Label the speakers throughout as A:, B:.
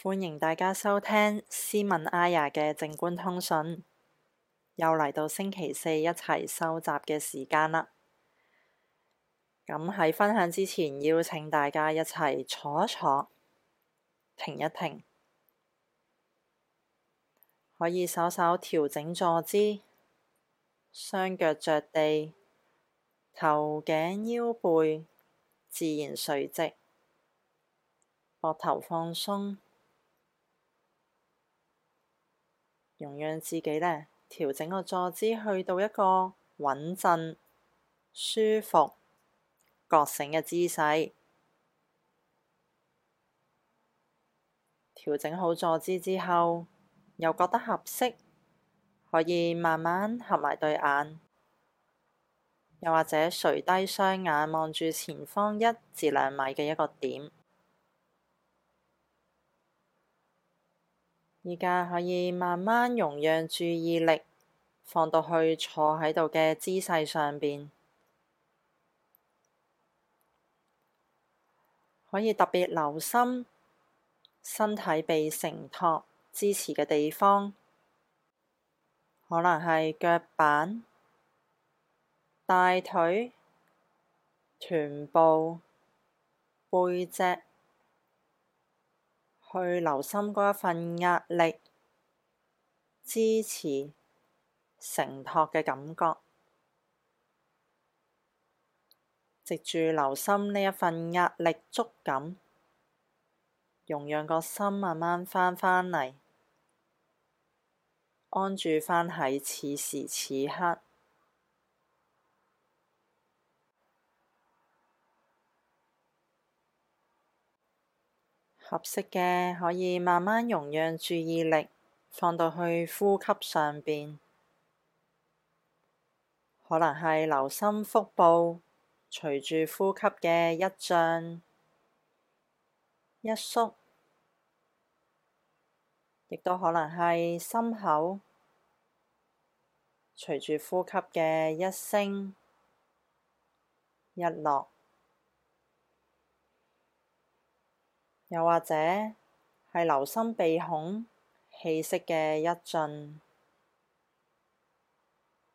A: 歡迎大家收聽斯文阿雅嘅靜觀通訊，又嚟到星期四一齊收集嘅時間啦。咁喺分享之前，邀請大家一齊坐一坐，停一停，可以稍稍調整坐姿，雙腳着地，頭頸腰背自然垂直，膊頭放鬆。容讓自己呢調整個坐姿去到一個穩陣、舒服、覺醒嘅姿勢。調整好坐姿之後，又覺得合適，可以慢慢合埋對眼，又或者垂低雙眼望住前方一至兩米嘅一個點。而家可以慢慢容讓注意力放到去坐喺度嘅姿勢上邊，可以特別留心身體被承托支持嘅地方，可能係腳板、大腿、臀部、背脊。去留心嗰一份壓力，支持承托嘅感覺，藉住留心呢一份壓力觸感，容讓個心慢慢翻返嚟，安住翻喺此時此刻。合適嘅可以慢慢容讓注意力放到去呼吸上邊，可能係留心腹部隨住呼吸嘅一脹一縮，亦都可能係心口隨住呼吸嘅一升一落。又或者係留心鼻孔氣息嘅一進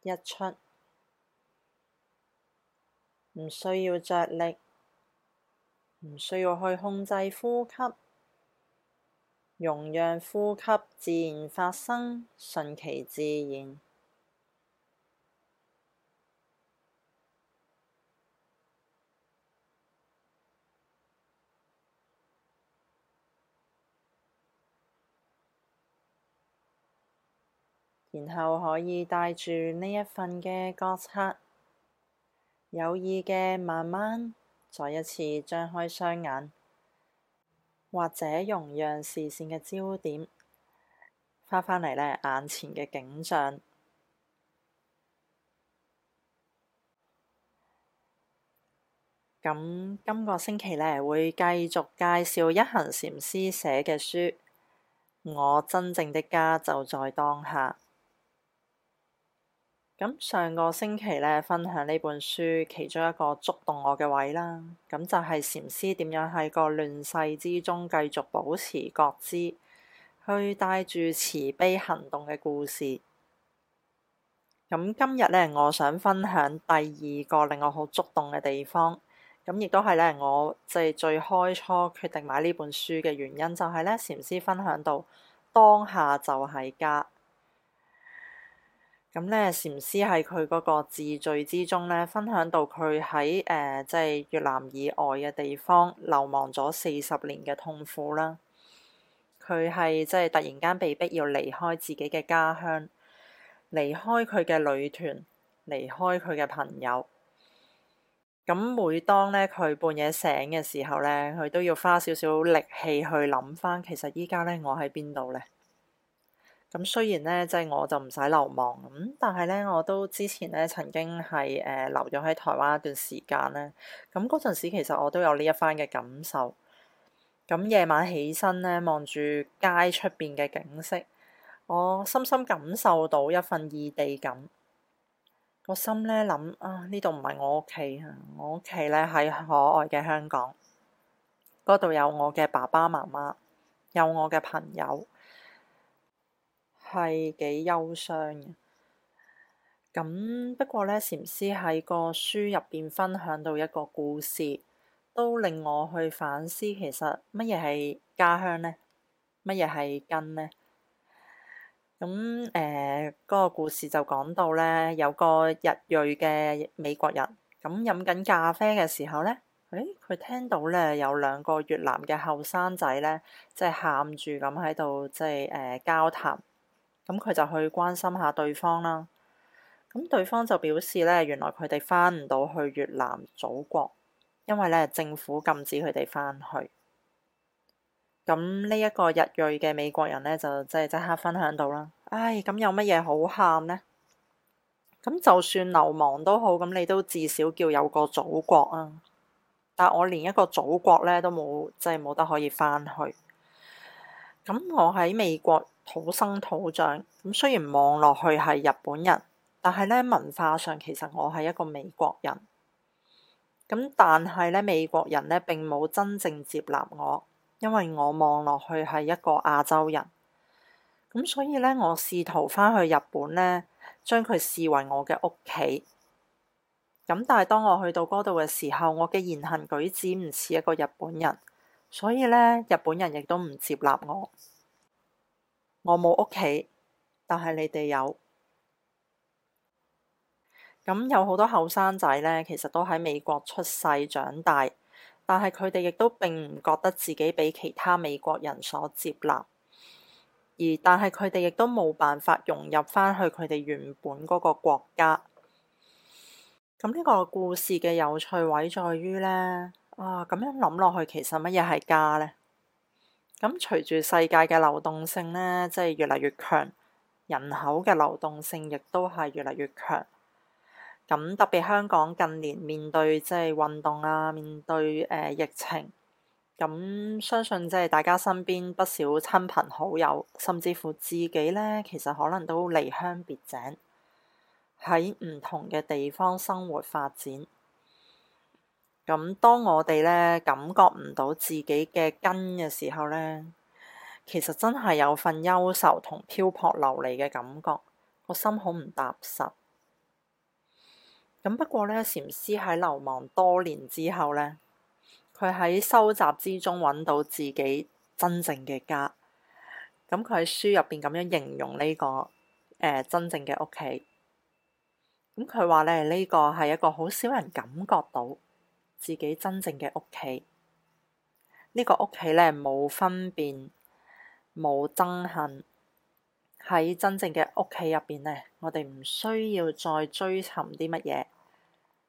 A: 一出，唔需要着力，唔需要去控制呼吸，容讓呼吸自然發生，順其自然。然後可以帶住呢一份嘅覺察，有意嘅慢慢再一次張開雙眼，或者容讓視線嘅焦點翻返嚟咧，眼前嘅景象。咁今個星期咧，會繼續介紹一行禪師寫嘅書《我真正的家就在當下》。咁上個星期呢，分享呢本書其中一個觸動我嘅位啦，咁就係禪師點樣喺個亂世之中繼續保持覺知，去帶住慈悲行動嘅故事。咁今日呢，我想分享第二個令我好觸動嘅地方，咁亦都係呢，我即係最開初決定買呢本書嘅原因，就係呢，禪師分享到當下就係家。咁呢，禪師喺佢嗰個自序之中呢，分享到佢喺誒，即係越南以外嘅地方流亡咗四十年嘅痛苦啦。佢係即係突然間被逼要離開自己嘅家鄉，離開佢嘅旅團，離開佢嘅朋友。咁每當呢，佢半夜醒嘅時候呢，佢都要花少少力氣去諗翻，「其實依家呢，我喺邊度呢？」咁雖然呢，即係我就唔使流亡咁，但係呢，我都之前咧曾經係誒、呃、留咗喺台灣一段時間呢。咁嗰陣時其實我都有呢一番嘅感受。咁夜晚起身呢，望住街出邊嘅景色，我深深感受到一份異地感。個心呢，諗啊，呢度唔係我屋企，我屋企呢喺可愛嘅香港，嗰度有我嘅爸爸媽媽，有我嘅朋友。係幾憂傷嘅咁。不過呢，禪師喺個書入邊分享到一個故事，都令我去反思。其實乜嘢係家鄉呢？乜嘢係根呢？咁誒嗰個故事就講到呢，有個日裔嘅美國人咁飲緊咖啡嘅時候呢，誒、欸、佢聽到呢有兩個越南嘅後生仔呢，即係喊住咁喺度，即係誒交談。咁佢就去關心下對方啦。咁對方就表示呢，原來佢哋返唔到去越南祖國，因為呢政府禁止佢哋返去。咁呢一個日裔嘅美國人呢，就即係即刻分享到啦。唉、哎，咁有乜嘢好喊呢？咁就算流亡都好，咁你都至少叫有個祖國啊。但我連一個祖國呢都冇，即係冇得可以返去。咁我喺美國。土生土長咁，雖然望落去係日本人，但係呢，文化上其實我係一個美國人。咁但係呢，美國人呢並冇真正接納我，因為我望落去係一個亞洲人。咁所以呢，我試圖返去日本呢，將佢視為我嘅屋企。咁但係當我去到嗰度嘅時候，我嘅言行舉止唔似一個日本人，所以呢，日本人亦都唔接納我。我冇屋企，但係你哋有。咁有好多後生仔呢，其實都喺美國出世長大，但係佢哋亦都並唔覺得自己畀其他美國人所接納，而但係佢哋亦都冇辦法融入翻去佢哋原本嗰個國家。咁呢個故事嘅有趣位在於呢，啊，咁樣諗落去，其實乜嘢係家呢？咁隨住世界嘅流動性呢，即係越嚟越強，人口嘅流動性亦都係越嚟越強。咁，嗯，特別香港近年面對即係運動啊，面對，呃，疫情，咁，嗯，相信即係大家身邊不少親朋好友，甚至乎自己呢，其實可能都離鄉別井，喺唔同嘅地方生活發展。咁當我哋呢，感覺唔到自己嘅根嘅時候呢，其實真係有份憂愁同漂泊流離嘅感覺，個心好唔踏實。咁不過呢，禪師喺流亡多年之後呢，佢喺修習之中揾到自己真正嘅家。咁佢喺書入邊咁樣形容呢個，呃，真正嘅屋企。咁佢話呢，呢個係一個好少人感覺到，自己真正嘅屋企，呢個屋企呢，冇分辨、冇憎恨。喺真正嘅屋企入邊呢，我哋唔需要再追尋啲乜嘢，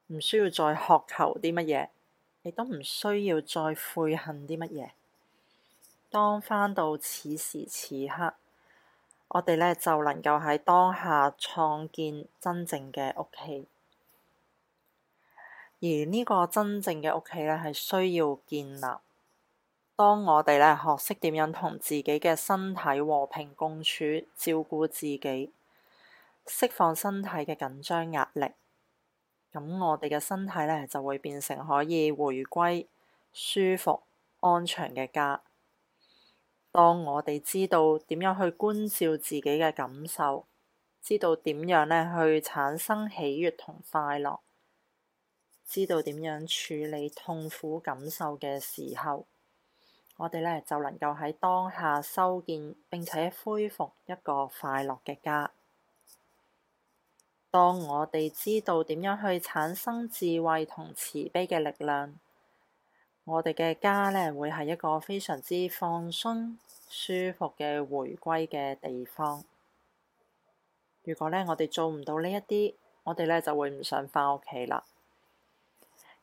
A: 唔需要再渴求啲乜嘢，亦都唔需要再悔恨啲乜嘢。當返到此時此刻，我哋呢，就能夠喺當下創建真正嘅屋企。而呢個真正嘅屋企咧，係需要建立。當我哋咧學識點樣同自己嘅身體和平共處，照顧自己，釋放身體嘅緊張壓力，咁我哋嘅身體咧就會變成可以回歸舒服安詳嘅家。當我哋知道點樣去觀照自己嘅感受，知道點樣咧去產生喜悅同快樂。知道點樣處理痛苦感受嘅時候，我哋呢就能夠喺當下修建並且恢復一個快樂嘅家。當我哋知道點樣去產生智慧同慈悲嘅力量，我哋嘅家呢會係一個非常之放鬆舒服嘅回歸嘅地方。如果呢我哋做唔到呢一啲，我哋呢就會唔想返屋企啦。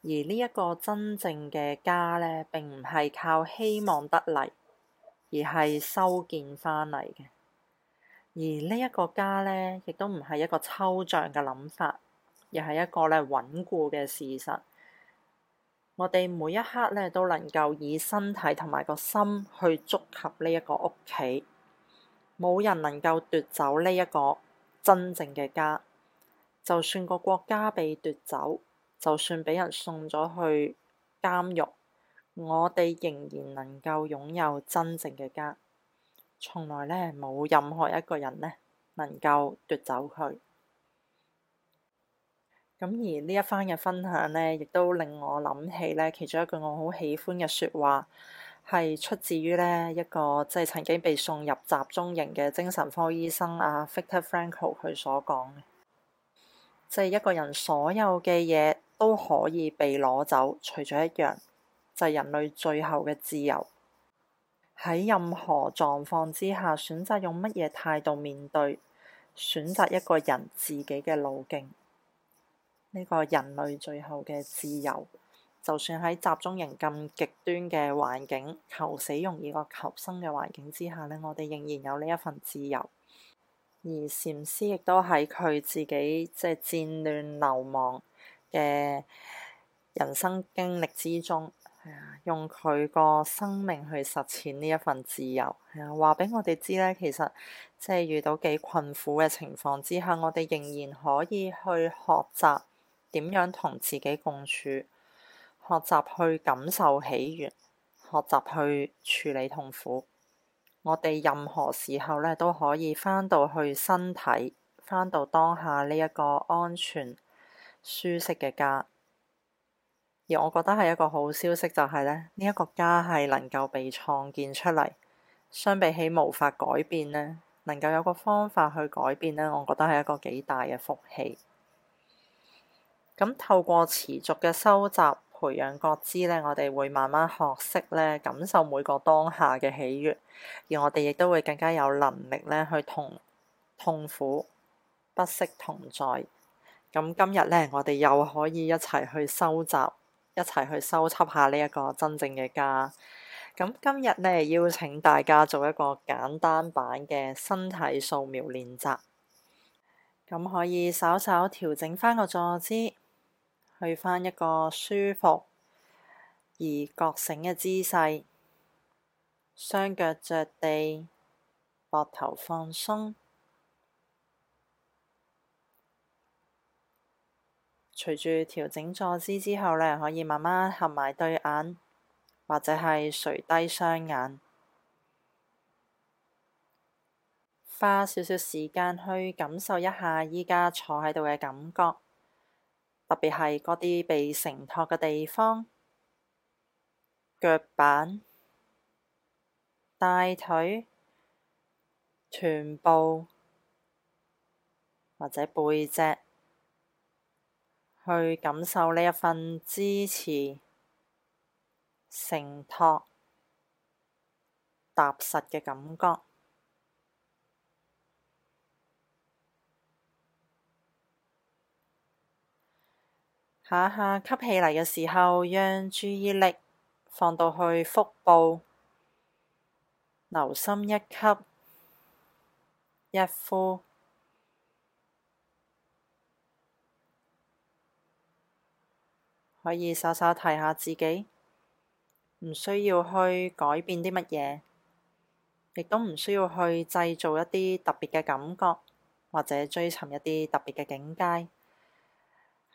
A: 而呢一個真正嘅家呢，並唔係靠希望得嚟，而係修建翻嚟嘅。而呢一個家呢，亦都唔係一個抽象嘅諗法，而係一個呢穩固嘅事實。我哋每一刻呢，都能夠以身體同埋個心去觸及呢一個屋企，冇人能夠奪走呢一個真正嘅家，就算個國家被奪走。就算俾人送咗去監獄，我哋仍然能夠擁有真正嘅家。從來呢，冇任何一個人呢能夠奪走佢。咁而呢一番嘅分享呢，亦都令我諗起呢其中一句我好喜歡嘅説話，係出自於呢一個即係、就是、曾經被送入集中營嘅精神科醫生阿、啊、Victor Frankel 佢所講嘅，即、就、係、是、一個人所有嘅嘢，都可以被攞走，除咗一樣就係人類最後嘅自由。喺任何狀況之下，選擇用乜嘢態度面對，選擇一個人自己嘅路徑，呢個人類最後嘅自由，就算喺集中營咁極端嘅環境、求死容易過求生嘅環境之下，呢我哋仍然有呢一份自由。而禪師亦都喺佢自己即係戰亂流亡。嘅人生經歷之中，用佢個生命去實踐呢一份自由，係啊，話俾我哋知咧，其實即係遇到幾困苦嘅情況之下，我哋仍然可以去學習點樣同自己共處，學習去感受喜悅，學習去處理痛苦。我哋任何時候咧，都可以翻到去身體，翻到當下呢一個安全、舒適嘅家，而我覺得係一個好消息，就是，就係咧，呢一個家係能夠被創建出嚟，相比起無法改變呢，能夠有個方法去改變呢，我覺得係一個幾大嘅福氣。咁透過持續嘅修習，培養覺知呢，我哋會慢慢學識呢，感受每個當下嘅喜悅，而我哋亦都會更加有能力呢去同痛苦，不適同在。咁今日呢，我哋又可以一齊去收集，一齊去收集下呢一個真正嘅家。咁今日呢，邀請大家做一個簡單版嘅身體素描練習。咁可以稍稍調整返個坐姿，去返一個舒服而覺醒嘅姿勢，雙腳着地，膊頭放鬆。隨住調整坐姿之後呢，可以慢慢合埋對眼，或者係垂低雙眼，花少少時間去感受一下依家坐喺度嘅感覺，特別係嗰啲被承托嘅地方、腳板、大腿、臀部或者背脊。去感受呢一份支持、承托、踏實嘅感覺。下下吸氣嚟嘅時候，讓注意力放到去腹部，留心一吸一呼。可以稍稍提下自己，唔需要去改變啲乜嘢，亦都唔需要去製造一啲特別嘅感覺，或者追尋一啲特別嘅境界。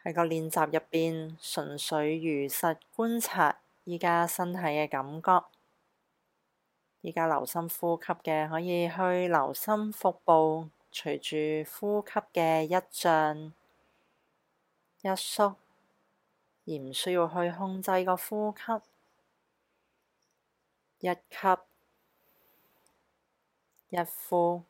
A: 喺個練習入邊，純粹如實觀察而家身體嘅感覺，而家留心呼吸嘅，可以去留心腹部，隨住呼吸嘅一脹一縮。而唔需要去控制個呼吸，一吸一呼，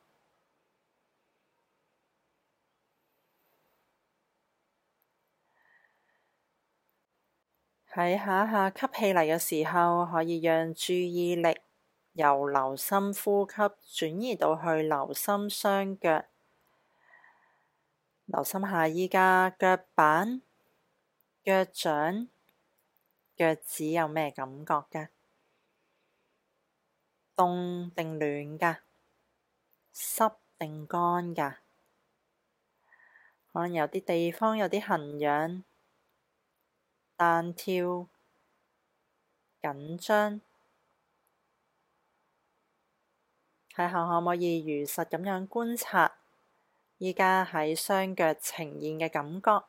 A: 喺下下吸氣嚟嘅時候，可以讓注意力由留心呼吸轉移到去留心雙腳，留心下依家腳板。腳掌、腳趾有咩感覺嘅？凍定暖㗎？濕定乾㗎？可能有啲地方有啲痕癢、彈跳、緊張，睇下可唔可以如實咁樣觀察而家喺雙腳呈現嘅感覺？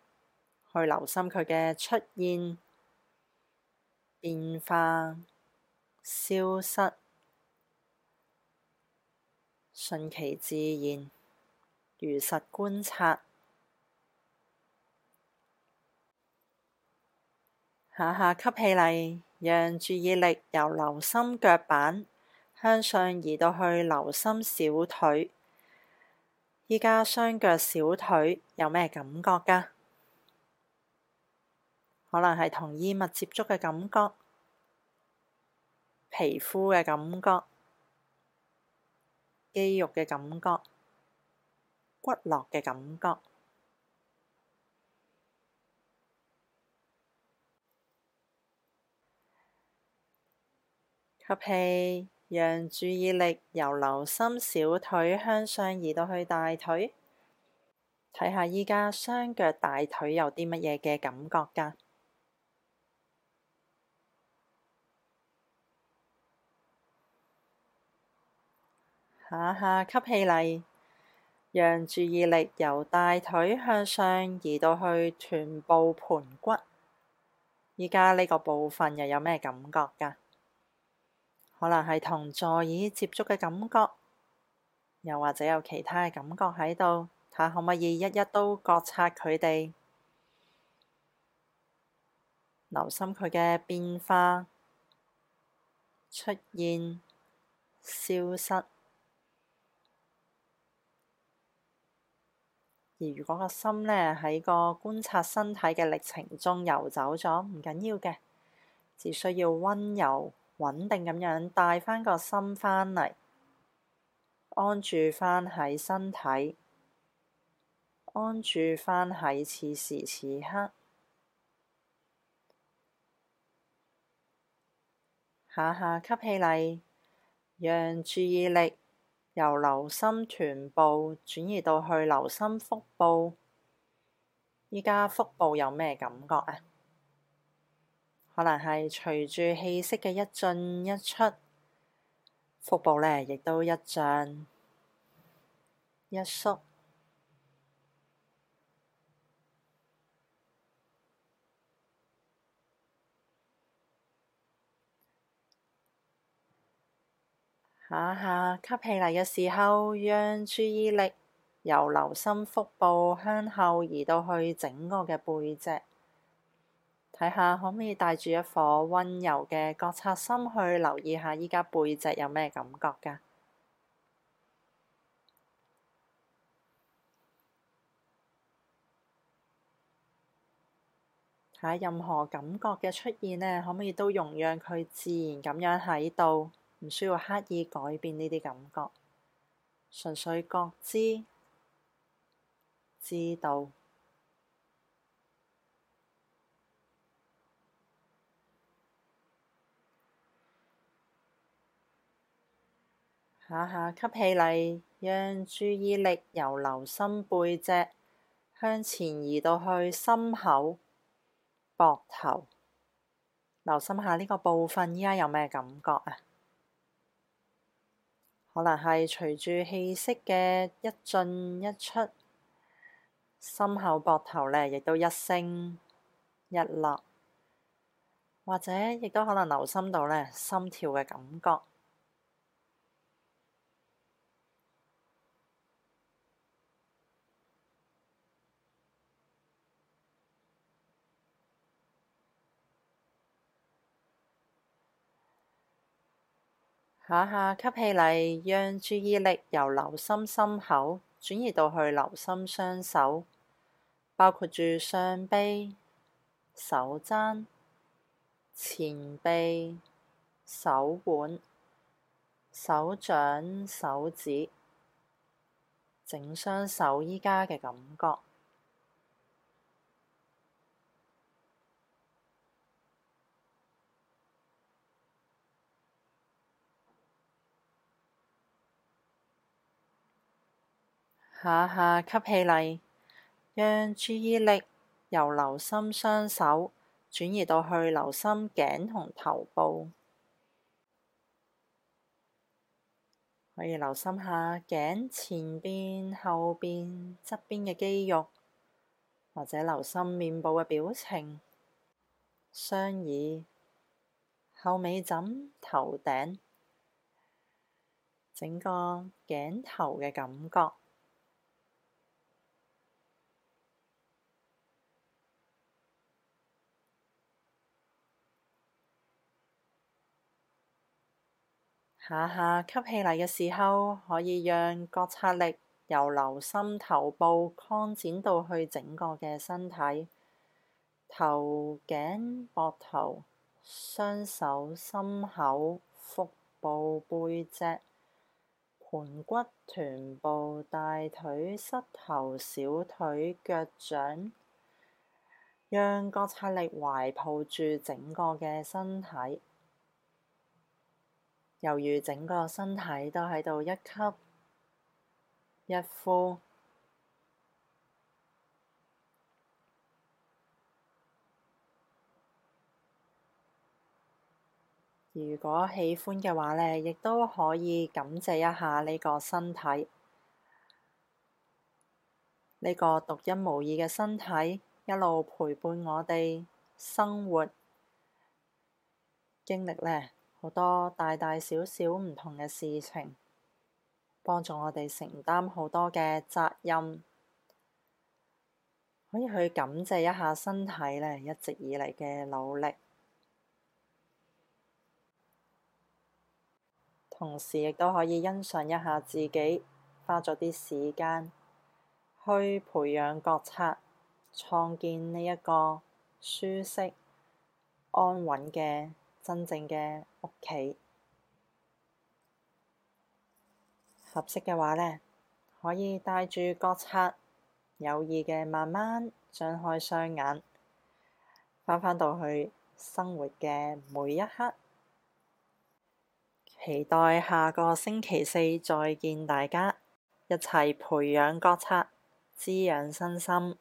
A: 去留心佢嘅出現、變化、消失，順其自然，如實觀察。下下吸氣嚟，讓注意力由留心腳板向上移到去留心小腿。依家雙腳小腿有咩感覺㗎？可能係同衣物接觸嘅感覺、皮膚嘅感覺、肌肉嘅感覺、骨骼嘅感覺。吸氣，讓注意力由留心小腿向上移到去大腿，睇下依家雙腳大腿有啲乜嘢嘅感覺㗎？下下吸氣嚟，讓注意力由大腿向上移到去臀部盆骨。依家呢個部分又有咩感覺噶？可能係同座椅接觸嘅感覺，又或者有其他嘅感覺喺度。睇下可唔可以一一都覺察佢哋，留心佢嘅變化、出現、消失。而如果個心呢，喺個觀察身體嘅歷程中游走咗，唔緊要嘅，只需要溫柔穩定咁樣帶返個心返嚟，安住返喺身體，安住返喺此時此刻，下下吸氣嚟，讓注意力。由留心臀部轉移到去留心腹部，而家腹部有咩感覺啊？可能係隨住氣息嘅一進一出，腹部呢亦都一漲一縮。下下吸氣嚟嘅時候，讓注意力由留心腹部向後移到去整個嘅背脊，睇下可唔可以帶住一顆溫柔嘅覺察心去留意下依家背脊有咩感覺㗎？睇下任何感覺嘅出現呢可唔可以都容讓佢自然咁樣喺度？唔需要刻意改變呢啲感覺，純粹覺知、知道。下下吸氣你讓注意力由留心背脊向前移到去心口、膊頭，留心下呢個部分，依家有咩感覺啊？可能係隨住氣息嘅一進一出，心口膊頭呢，亦都一升一落，或者亦都可能留心到呢心跳嘅感覺。下下吸氣嚟，讓注意力由留心心口轉移到去留心雙手，包括住雙臂、手踭、前臂、手腕、手掌、手指，整雙手依家嘅感覺。下下吸氣嚟，讓注意力由留心雙手轉移到去留心頸同頭部，可以留心下頸前邊、後邊、側邊嘅肌肉，或者留心面部嘅表情、雙耳、後尾枕頭頂、頭頂，整個頸頭嘅感覺。下下吸氣嚟嘅時候，可以讓覺察力由留心頭部擴展到去整個嘅身體，頭頸、膊頭、雙手、心口、腹部、背脊、盤骨、臀部、大腿、膝頭、小腿、腳掌，讓覺察力懷抱住整個嘅身體。由於整個身體都喺度一吸一呼，如果喜歡嘅話呢亦都可以感謝一下呢個身體，呢個獨一無二嘅身體一路陪伴我哋生活經歷呢，好多大大小小唔同嘅事情，幫助我哋承擔好多嘅責任，可以去感謝一下身體呢一直以嚟嘅努力，同時亦都可以欣賞一下自己花咗啲時間去培養覺察，創建呢一個舒適安穩嘅真正嘅屋企，合適嘅話呢，可以帶住覺察有意嘅慢慢張開雙眼，翻返到去生活嘅每一刻，期待下個星期四再見大家，一齊培養覺察，滋養身心。